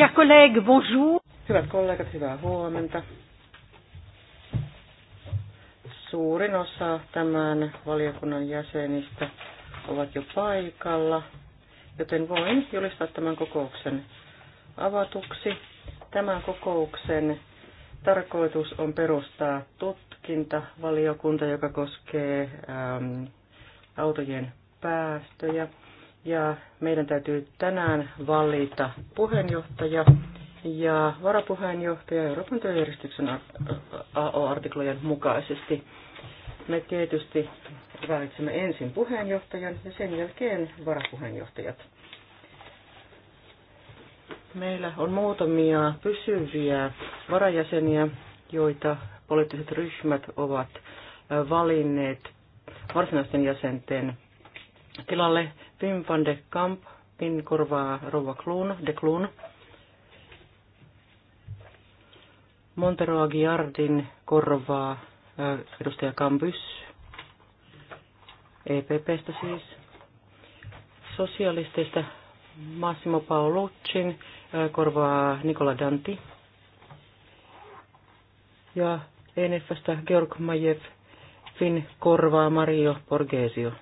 Chers collègues, bonjour. Hyvät kollegat, hyvää huomenta. Suurin osa tämän valiokunnan jäsenistä ovat jo paikalla, joten voin julistaa tämän kokouksen avatuksi. Tämän kokouksen tarkoitus on perustaa tutkintavaliokunta, joka koskee ähm, autojen päästöjä ja meidän täytyy tänään valita puheenjohtaja ja varapuheenjohtaja Euroopan työjärjestyksen AO-artiklojen mukaisesti. Me tietysti valitsemme ensin puheenjohtajan ja sen jälkeen varapuheenjohtajat. Meillä on muutamia pysyviä varajäseniä, joita poliittiset ryhmät ovat valinneet varsinaisten jäsenten tilalle Pim van de Kamp. Pim korvaa Rova Kloon, de Kloon. Montero Aguiardin korvaa eh, edustaja Kambys, EPPstä siis. Sosialisteista Massimo Paoluccin eh, korvaa Nikola Danti. Ja ENFstä Georg Majev Finn korvaa Mario Borgesio.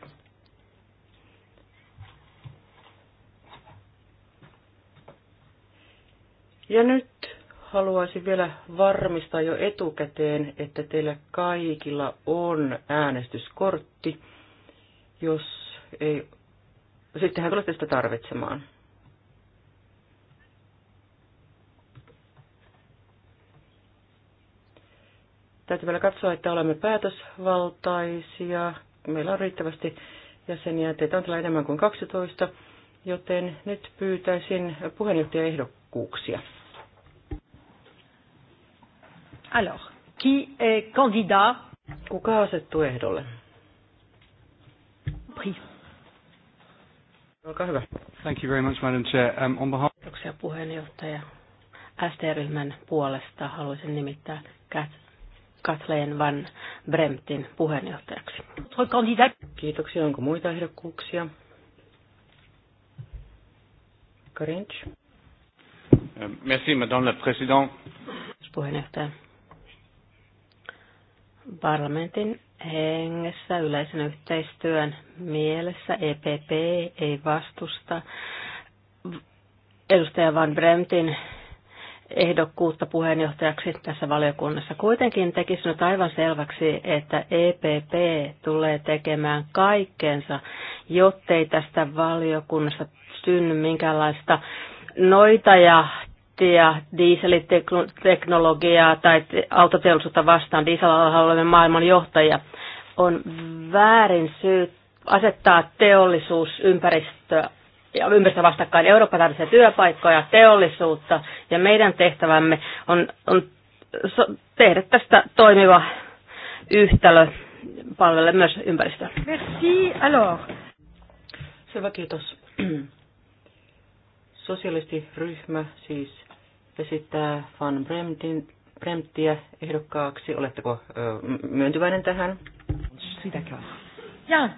Ja nyt haluaisin vielä varmistaa jo etukäteen, että teillä kaikilla on äänestyskortti, jos ei, sittenhän tulette sitä tarvitsemaan. Täytyy vielä katsoa, että olemme päätösvaltaisia. Meillä on riittävästi jäseniä. Teitä on enemmän kuin 12, joten nyt pyytäisin puheenjohtajaehdokkuuksia. ehdokkuuksia. Alors, qui est candidat? Kuka asettuu ehdolle? Pri. Olkaa hyvä. Thank you very much, Madam Chair. Um, on behalf... Kiitoksia puheenjohtaja. ST-ryhmän puolesta haluaisin nimittää Kathleen Van Bremtin puheenjohtajaksi. Kiitoksia. Onko muita ehdokkuuksia? Karinch. Euh, merci, Madame la Présidente. Puheenjohtaja. Parlamentin hengessä yleisen yhteistyön mielessä EPP ei vastusta edustaja Van Bremtin ehdokkuutta puheenjohtajaksi tässä valiokunnassa. Kuitenkin tekisi nyt aivan selväksi, että EPP tulee tekemään kaikkensa, jottei tästä valiokunnasta synny minkäänlaista noita ja ja dieseliteknologiaa tai autoteollisuutta vastaan. dieselalalla olemme maailman johtajia. On väärin syy asettaa teollisuus ympäristöä ja ympäristö vastakkain. Eurooppa tarvitsee työpaikkoja, teollisuutta ja meidän tehtävämme on, on so, tehdä tästä toimiva yhtälö palvelle myös ympäristöä. Merci, alors. Selvä, kiitos. Sosialistiryhmä siis esittää Van Bremtin, Bremttiä ehdokkaaksi. Oletteko ö, myöntyväinen tähän? Sitäkö on? Jaa.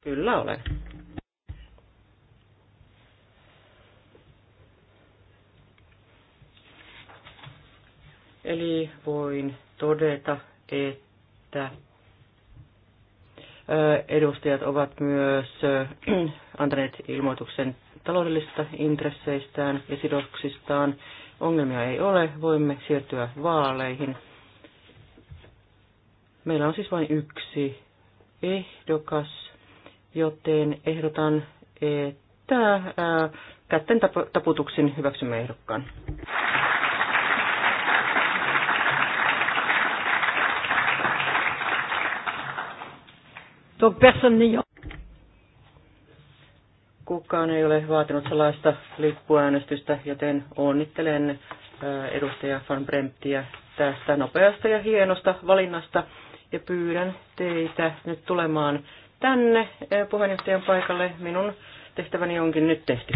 Kyllä olen. Eli voin todeta, että edustajat ovat myös antaneet ilmoituksen taloudellisista intresseistään ja sidoksistaan Ongelmia ei ole, voimme siirtyä vaaleihin. Meillä on siis vain yksi ehdokas, joten ehdotan, että ää, äh, kätten taputuksin hyväksymme ehdokkaan. Donc personne n'ayant Kukaan ei ole vaatinut salaista lippuäänestystä, joten onnittelen edustaja Van Bremptiä tästä nopeasta ja hienosta valinnasta ja pyydän teitä nyt tulemaan tänne puheenjohtajan paikalle. Minun tehtäväni onkin nyt tehty.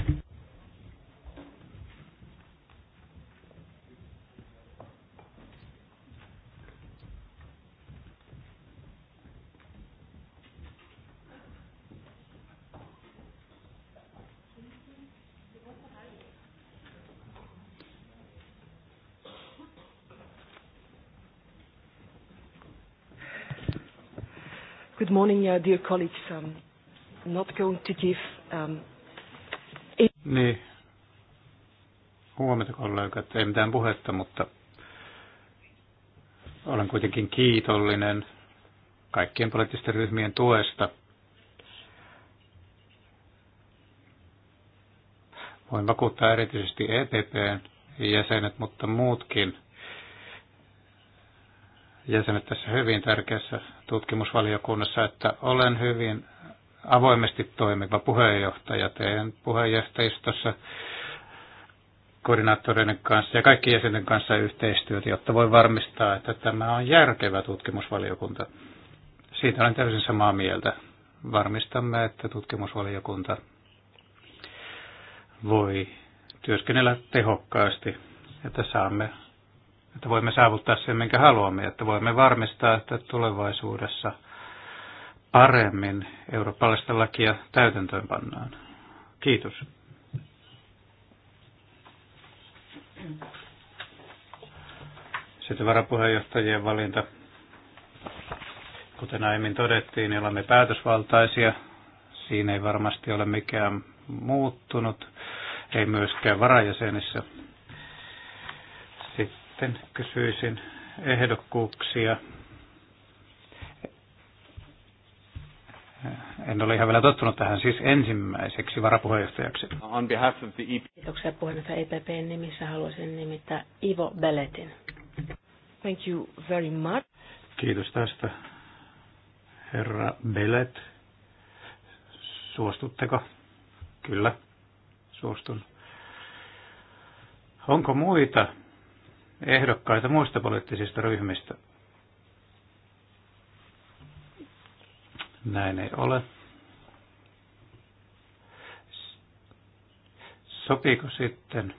Good morning, uh, dear colleagues. Um, I'm not going to give... Um, Niin. Huomenta kollegat. Ei mitään puhetta, mutta olen kuitenkin kiitollinen kaikkien poliittisten ryhmien tuesta. Voin vakuuttaa erityisesti EPPn jäsenet, mutta muutkin jäsenet tässä hyvin tärkeässä tutkimusvaliokunnassa, että olen hyvin avoimesti toimiva puheenjohtaja. Teen puheenjohtajistossa koordinaattoreiden kanssa ja kaikki jäsenten kanssa yhteistyötä, jotta voi varmistaa, että tämä on järkevä tutkimusvaliokunta. Siitä olen täysin samaa mieltä. Varmistamme, että tutkimusvaliokunta voi työskennellä tehokkaasti, että saamme että voimme saavuttaa sen, minkä haluamme, että voimme varmistaa, että tulevaisuudessa paremmin eurooppalaista lakia täytäntöön pannaan. Kiitos. Sitten varapuheenjohtajien valinta. Kuten aiemmin todettiin, niin olemme päätösvaltaisia. Siinä ei varmasti ole mikään muuttunut, ei myöskään varajäsenissä sitten kysyisin ehdokkuuksia. En ole ihan vielä tottunut tähän siis ensimmäiseksi varapuheenjohtajaksi. On behalf of the EP. Kiitoksia puheenjohtaja EPPn nimissä. Haluaisin nimittää Ivo Beletin. Thank you very much. Kiitos tästä. Herra Belet. suostutteko? Kyllä, suostun. Onko muita ehdokkaita muista poliittisista ryhmistä. Näin ei ole. Sopiiko sitten,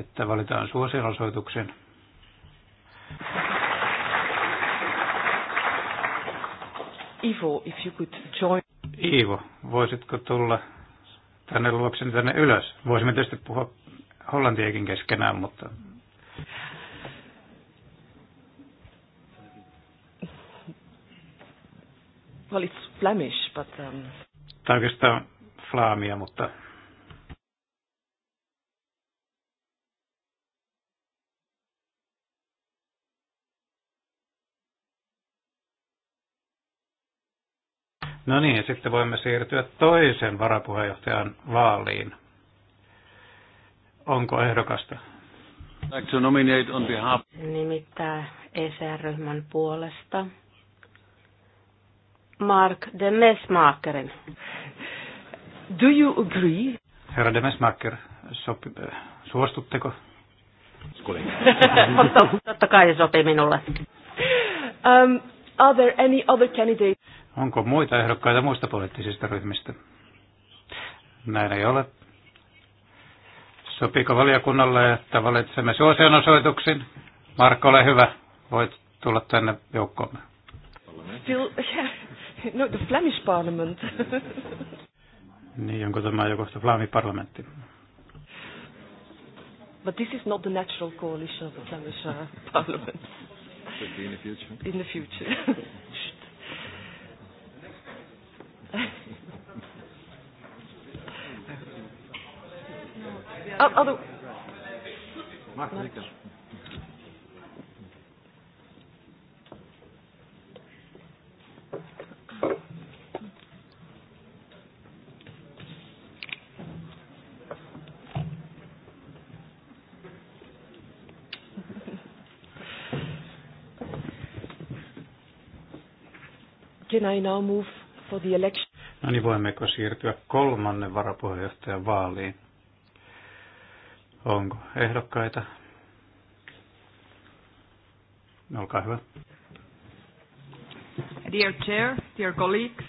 että valitaan suosionosoituksen? Ivo, if you could join. Iivo, voisitko tulla tänne luokseni tänne ylös? Voisimme tietysti puhua Hollantiakin keskenään, mutta... Well, it's Flemish, but... Um... on oikeastaan Flaamia, mutta No niin, sitten voimme siirtyä toisen varapuheenjohtajan vaaliin onko ehdokasta? Like to nominate on behalf... Nimittää ECR-ryhmän puolesta Mark de Mesmakerin. Do you agree? Herra de Mesmaker, sopi, suostutteko? Totta, totta kai se sopii minulle. Um, are there any other candidates? Onko muita ehdokkaita muista poliittisista ryhmistä? Näin ei ole. Sopiiko valiokunnalle, että valitsemme suosion osoituksen? Marko, ole hyvä. Voit tulla tänne joukkoomme. Still, yeah. no, the Flemish parliament. niin, onko tämä joku se Flami-parlamentti? But this is not the natural coalition of the Flemish uh, parliament. in the future. In the future. other... Macht nichts. Can I now move for the election? No niin, voimmeko siirtyä kolmannen varapuheenjohtajan vaaliin? Onko ehdokkaita? Olkaa hyvä. Dear Chair, dear colleagues.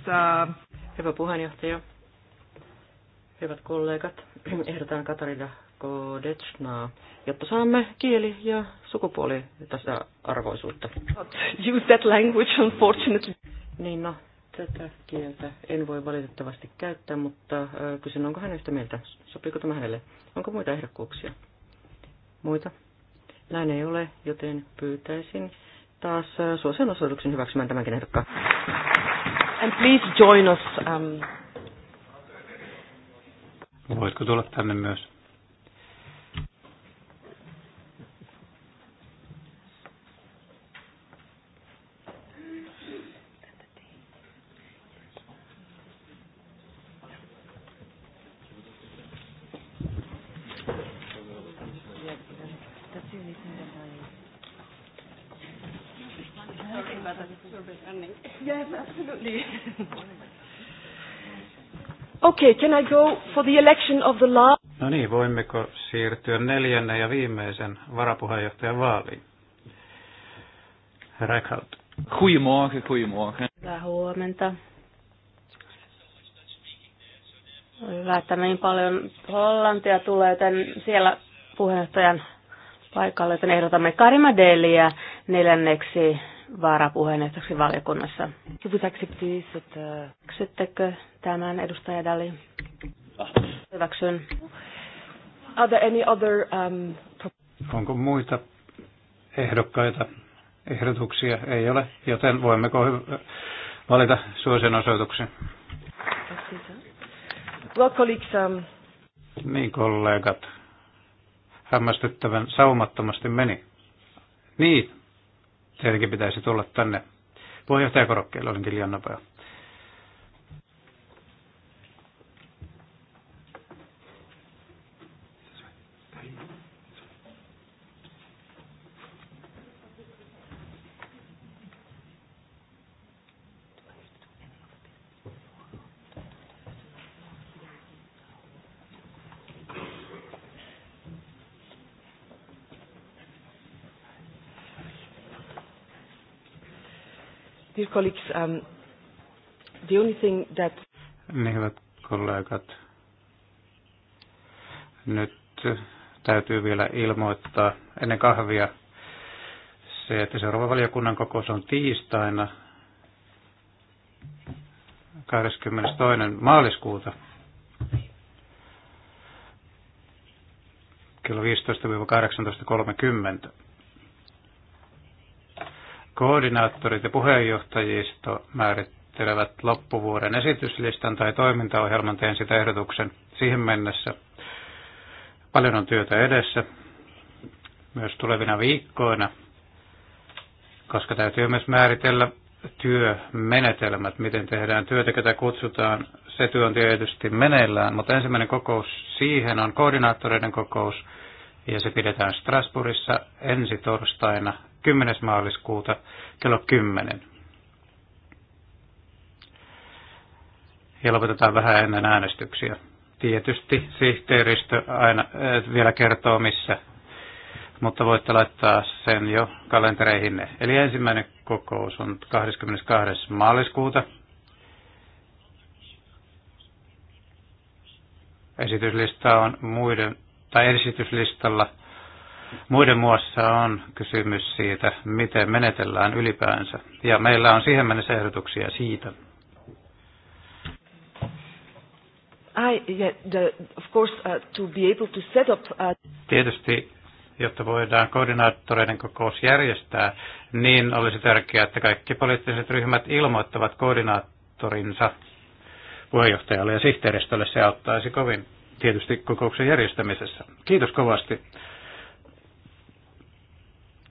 Uh... Hyvä puheenjohtaja, hyvät kollegat, ehdotan Katarina Kodetsnaa, jotta saamme kieli- ja sukupuoli tässä arvoisuutta. Use that language, unfortunately. Niin no, Tätä kieltä en voi valitettavasti käyttää, mutta kysyn, onko hän yhtä mieltä? Sopiiko tämä hänelle? Onko muita ehdokkuuksia? Muita? Näin ei ole, joten pyytäisin taas suosien osoituksen hyväksymään tämänkin ehdokkaan. And please join us. Um... Voitko tulla tänne myös? absolutely. okay, can I go for the election of the last? No niin, voimmeko siirtyä neljännen ja viimeisen varapuheenjohtajan vaaliin? Herra Eckhout. Goedemorgen, goedemorgen. Hyvää huomenta. Hyvä, että niin paljon Hollantia tulee tämän siellä puheenjohtajan paikalle, joten ehdotamme Karima Deliä neljänneksi varapuheenjohtajaksi valiokunnassa. Hyväksyttekö euh, tämän edustaja Dali? Hyväksyn. Are there any other, um... Onko muita ehdokkaita? Ehdotuksia ei ole, joten voimmeko valita suosion osoituksen? Well, colleagues, um... Niin kollegat, hämmästyttävän saumattomasti meni. Niin, Tietenkin pitäisi tulla tänne puheenjohtajakorokkeelle, olinkin liian nopea. Dear colleagues, um, the only thing that... Niin, hyvät kollegat, nyt täytyy vielä ilmoittaa ennen kahvia se, että seuraava valiokunnan kokous on tiistaina 22. maaliskuuta kello 15-18.30. Koordinaattorit ja puheenjohtajisto määrittelevät loppuvuoden esityslistan tai toimintaohjelman, teen sitä ehdotuksen siihen mennessä. Paljon on työtä edessä myös tulevina viikkoina, koska täytyy myös määritellä työmenetelmät, miten tehdään työtä, ketä kutsutaan. Se työ on tietysti meneillään, mutta ensimmäinen kokous siihen on koordinaattoreiden kokous, ja se pidetään Strasbourgissa ensi torstaina 10. maaliskuuta kello 10. Ja lopetetaan vähän ennen äänestyksiä. Tietysti sihteeristö aina äh, vielä kertoo missä, mutta voitte laittaa sen jo kalentereihinne. Eli ensimmäinen kokous on 22. maaliskuuta esityslista on muiden, tai esityslistalla Muiden muassa on kysymys siitä, miten menetellään ylipäänsä. Ja meillä on siihen mennessä ehdotuksia siitä. of course, uh, to be able to set up, uh, Tietysti, jotta voidaan koordinaattoreiden kokous järjestää, niin olisi tärkeää, että kaikki poliittiset ryhmät ilmoittavat koordinaattorinsa puheenjohtajalle ja sihteeristölle. Se auttaisi kovin tietysti kokouksen järjestämisessä. Kiitos kovasti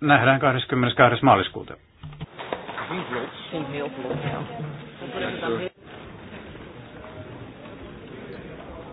nähdään 22. maaliskuuta.